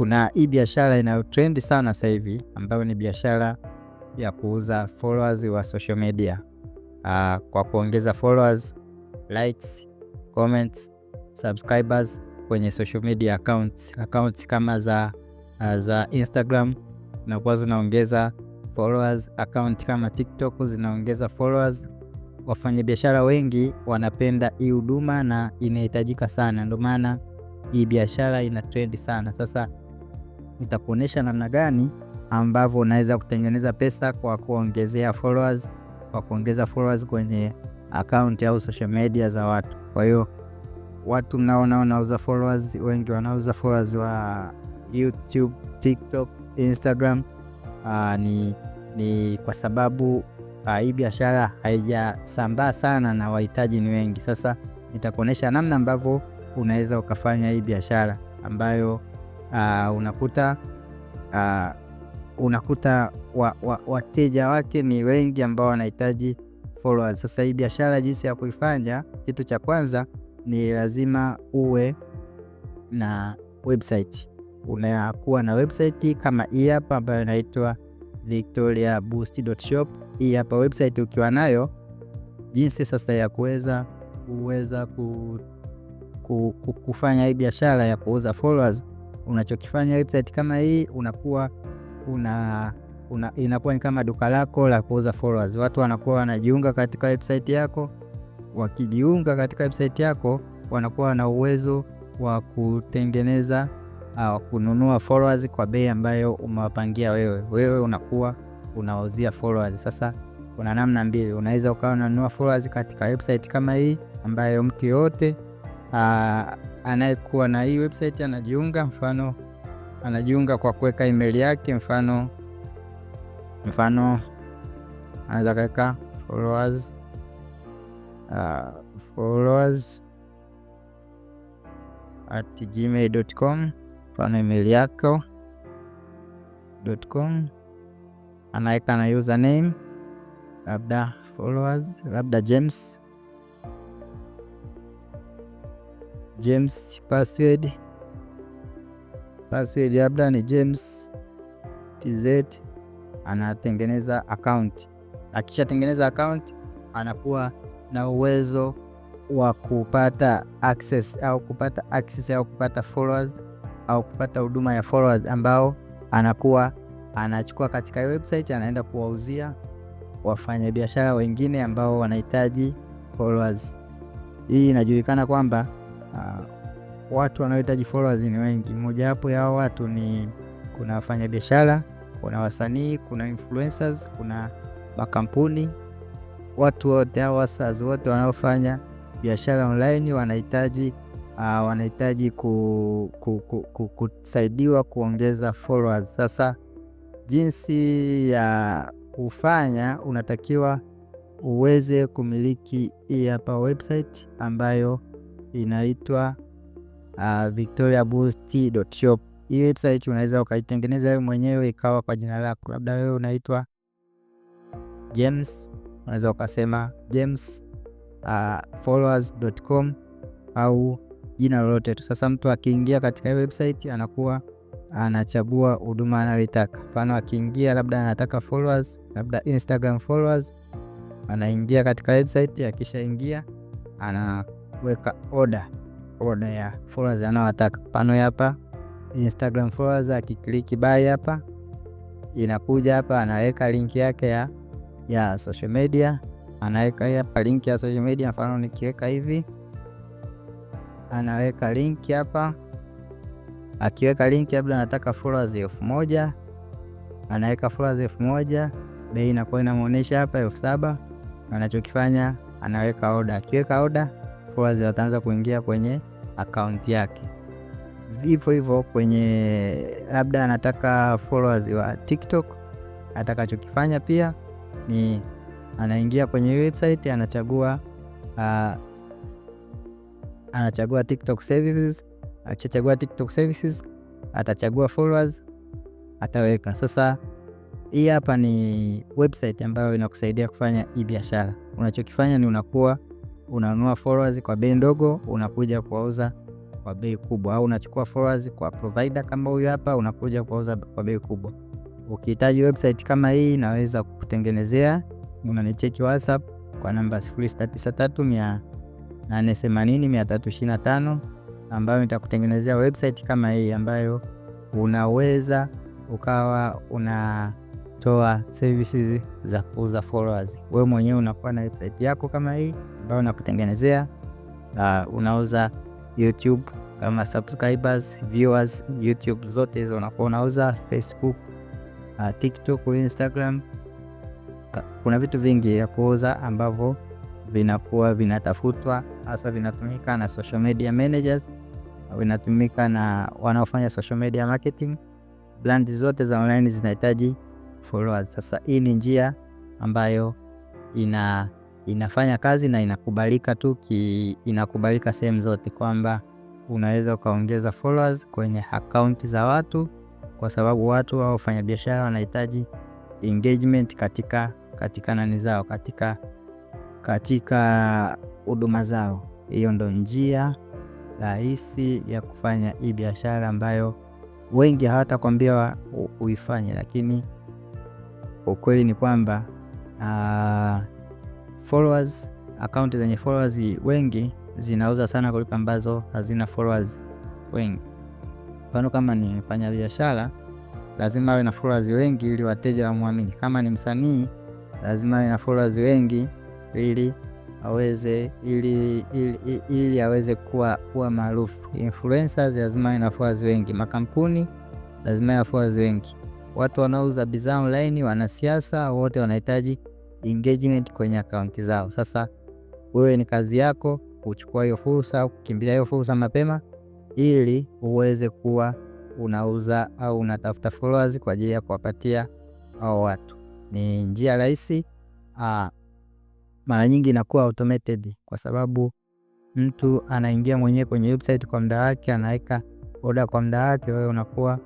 kuna hii biashara inayotrend sana sasa hivi ambayo ni biashara ya kuuza followers wa social media uh, kwa kuongeza followers, likes, comments, subscribers kwenye social media accounts, accounts kama za, uh, za Instagram zinakuwa zinaongeza followers, account kama TikTok zinaongeza followers. Wafanyabiashara wengi wanapenda hii huduma na inahitajika sana, ndio maana hii biashara ina trend sana sasa nitakuonyesha namna gani ambavyo unaweza kutengeneza pesa kwa kuongezea followers, kwa kuongeza followers kwenye account au social media za watu. Kwa hiyo watu mnaona wanauza followers, wengi wanauza followers wa YouTube, TikTok, Instagram. Aa, ni, ni kwa sababu aa, hii biashara haijasambaa sana na wahitaji ni wengi. Sasa nitakuonyesha namna ambavyo unaweza ukafanya hii biashara ambayo uh, unakuta uh, unakuta wa, wa, wateja wake ni wengi ambao wanahitaji followers. Sasa hii biashara jinsi ya kuifanya, kitu cha kwanza ni lazima uwe na website. Unakuwa na website kama hii hapa ambayo inaitwa victoriaboost.shop. Hii hapa website ukiwa nayo, jinsi sasa ya kuweza kuweza ku, ku, ku, kufanya hii biashara ya kuuza followers unachokifanya website kama hii unakuwa una, una, inakuwa ni kama duka lako la kuuza followers. Watu wanakuwa wanajiunga katika website yako. Wakijiunga katika website yako wanakuwa na uwezo wa kutengeneza uh, kununua followers kwa bei ambayo umewapangia wewe. Wewe unakuwa unauzia followers. Sasa kuna namna mbili, unaweza ukawa unanunua followers katika website kama hii ambayo mtu yoyote ah, anayekuwa na hii website anajiunga, mfano anajiunga kwa kuweka email yake, mfano mfano anaweza kaweka followers uh, followers at gmail.com, mfano email yako .com, anaweka na username labda followers labda James James password, password labda ni James tz, anatengeneza account. Akishatengeneza account, anakuwa na uwezo wa kupata access au kupata access au kupata followers au kupata huduma ya followers ambao anakuwa anachukua katika website, anaenda kuwauzia wafanyabiashara wengine ambao wanahitaji followers. Hii inajulikana kwamba watu wanaohitaji followers ni wengi. Mojawapo ya hao watu ni kuna wafanyabiashara, kuna wasanii, kuna influencers, kuna makampuni. Watu wote hao wasaz wote wanaofanya biashara online wanahitaji uh, wanahitaji ku, ku, ku, ku, kusaidiwa kuongeza followers. Sasa jinsi ya kufanya, unatakiwa uweze kumiliki hii hapa website ambayo inaitwa uh, ah, victoriaboost.shop. Hii website unaweza ukaitengeneza wewe mwenyewe ikawa kwa jina lako, labda wewe unaitwa James, unaweza ukasema James uh, followers.com au jina lolote tu. Sasa mtu akiingia katika hii website anakuwa anachagua huduma anayotaka. Mfano akiingia labda anataka followers, labda Instagram followers, anaingia katika website, akishaingia anaweka order order ya followers anaowataka. Mfano hapa Instagram followers, akikliki buy hapa inakuja hapa, anaweka linki yake ya, ya social media, anaweka hapa linki ya social media. Mfano nikiweka hivi, anaweka linki hapa, akiweka linki labda anataka followers elfu moja anaweka followers elfu moja bei inakuwa inamuonesha hapa elfu saba Anachokifanya anaweka oda, akiweka oda followers wataanza kuingia kwenye akaunti yake. hivyo hivyo kwenye labda anataka followers wa TikTok, atakachokifanya pia ni anaingia kwenye website anachagua uh, anachagua TikTok services. Akichagua TikTok services atachagua followers ataweka. Sasa hii hapa ni website ambayo inakusaidia kufanya hii biashara. Unachokifanya ni unakuwa unanunua followers kwa bei ndogo, unakuja kuwauza kwa bei kubwa, au unachukua followers kwa provider kama huyu hapa, unakuja kuwauza kwa bei kubwa. Ukihitaji website kama hii, naweza kukutengenezea. Unanicheki WhatsApp kwa namba 0693 880 ambayo nitakutengenezea website kama hii ambayo unaweza ukawa unatoa services za kuuza followers. Wewe mwenyewe unakuwa na website yako kama hii ambayo nakutengenezea. Uh, unauza YouTube kama subscribers, viewers, YouTube zote hizo unakuwa unauza, Facebook, uh, TikTok, Instagram. Kuna vitu vingi ya kuuza ambavyo vinakuwa vinatafutwa, hasa vinatumika na social media managers, vinatumika na wanaofanya social media marketing. Brand zote za online zinahitaji followers. Sasa hii ni njia ambayo ina inafanya kazi na inakubalika tu ki, inakubalika sehemu zote kwamba unaweza ukaongeza followers kwenye akaunti za watu, kwa sababu watu au wafanyabiashara wanahitaji engagement katika katika nani zao katika katika huduma zao. Hiyo ndo njia rahisi ya kufanya hii biashara ambayo wengi hawatakwambia uifanye, lakini ukweli ni kwamba followers. Akaunti zenye followers wengi zinauza sana kuliko ambazo hazina followers wengi. Mfano, kama ni mfanya biashara lazima awe na followers wengi ili wateja wamwamini. Kama ni msanii lazima awe na followers wengi ili aweze ili, ili, ili aweze kuwa, kuwa maarufu. Influencers lazima awe na followers wengi. Makampuni lazima awe na followers wengi. Watu wanaouza bidhaa online, wanasiasa wote wanahitaji engagement kwenye akaunti zao. Sasa wewe ni kazi yako kuchukua hiyo fursa au kukimbilia hiyo fursa mapema, ili uweze kuwa unauza au unatafuta followers kwa ajili ya kuwapatia hao watu. Ni njia rahisi, mara nyingi inakuwa automated kwa sababu mtu anaingia mwenyewe kwenye website kwa muda wake, anaweka oda kwa muda wake, wewe unakuwa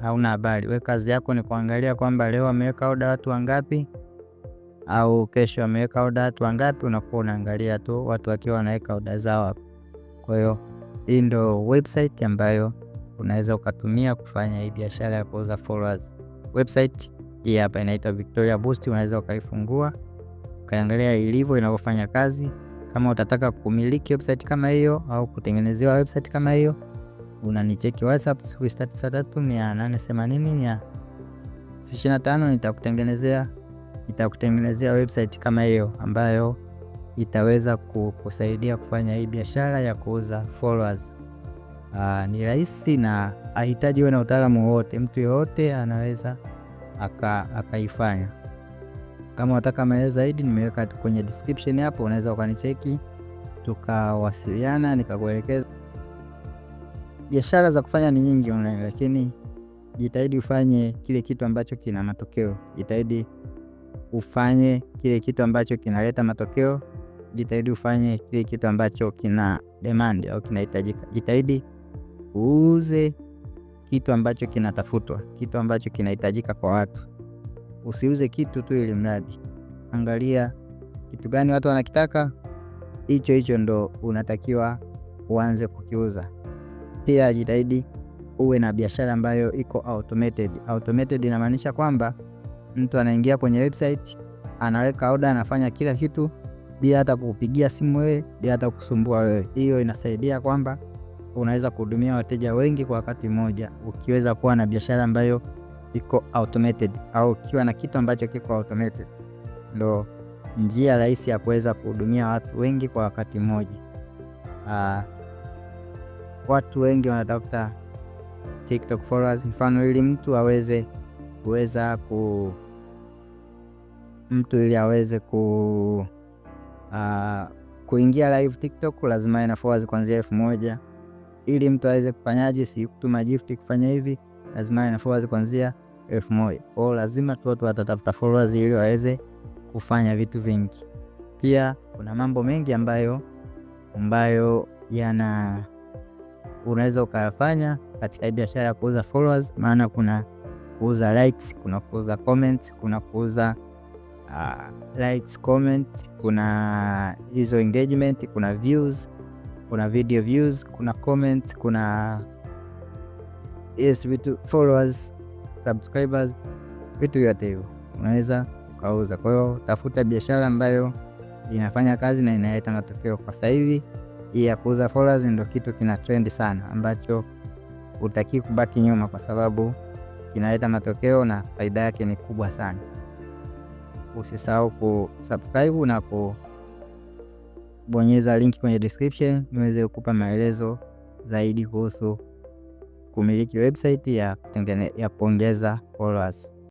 hauna habari. Wewe kazi yako ni kuangalia kwamba leo ameweka oda watu wangapi au kesho ameweka oda watu wangapi, unakuwa unaangalia tu watu wakiwa wanaweka oda zao hapo. Kwa hiyo hii ndo website ambayo unaweza ukatumia kufanya hii biashara ya kuuza followers. Website hii hapa inaitwa Victoria Boost, unaweza ukaifungua ukaangalia ilivyo inavyofanya kazi. Kama utataka kumiliki website kama hiyo au kutengenezewa website kama hiyo, unanicheki WhatsApp 0693 880 25 nitakutengenezea itakutengenezea website kama hiyo ambayo itaweza kukusaidia kufanya hii biashara ya kuuza followers. Aa, ah, ni rahisi na hahitaji wewe na utaalamu wowote, mtu yoyote anaweza akaifanya aka kama unataka maelezo zaidi nimeweka kwenye description hapo, unaweza ukanicheki tukawasiliana nikakuelekeza. Biashara za kufanya ni nyingi online, lakini jitahidi ufanye kile kitu ambacho kina matokeo. Jitahidi ufanye kile kitu ambacho kinaleta matokeo, jitahidi ufanye kile kitu ambacho kina demand au kinahitajika. Jitahidi uuze kitu ambacho kinatafutwa, kitu ambacho kinahitajika kwa watu. Usiuze kitu tu ili mradi. Angalia kitu gani watu wanakitaka, hicho hicho ndo unatakiwa uanze kukiuza. Pia jitahidi uwe na biashara ambayo iko automated. Automated inamaanisha kwamba Mtu anaingia kwenye website, anaweka oda, anafanya kila kitu bila hata kukupigia simu wewe, bila hata kusumbua wewe. Hiyo inasaidia kwamba unaweza kuhudumia wateja wengi kwa wakati mmoja, ukiweza kuwa na biashara ambayo iko automated au ukiwa na kitu ambacho kiko automated, ndo njia rahisi ya kuweza kuhudumia watu wengi kwa wakati mmoja. Uh, watu wengi wanatafuta TikTok followers, mfano ili mtu aweze kuweza ku mtu ili aweze ku uh, kuingia live TikTok lazima awe followers kuanzia elfu moja ili mtu aweze kufanyaje, si kutuma gift, kufanya hivi, lazima awe na followers kuanzia elfu moja Kwa lazima tu watu watatafuta followers ili waweze kufanya vitu vingi. Pia kuna mambo mengi ambayo ambayo yana unaweza ukayafanya katika biashara ya kuuza followers, maana kuna kuuza likes, kuna kuuza comments, kuna kuuza uh, likes, comment, kuna hizo engagement, kuna views, kuna video views, kuna comments, kuna yes, vitu followers, subscribers, vitu vyote hivyo unaweza ukauza. Kwa hiyo tafuta biashara ambayo inafanya kazi na inaleta matokeo. Kwa sasa hivi hii ya kuuza followers ndio kitu kina trend sana ambacho utaki kubaki nyuma kwa sababu inaleta matokeo na faida yake ni kubwa sana. Usisahau kusubscribe na kubonyeza link kwenye description niweze kukupa maelezo zaidi kuhusu kumiliki website ya ya kuongeza followers.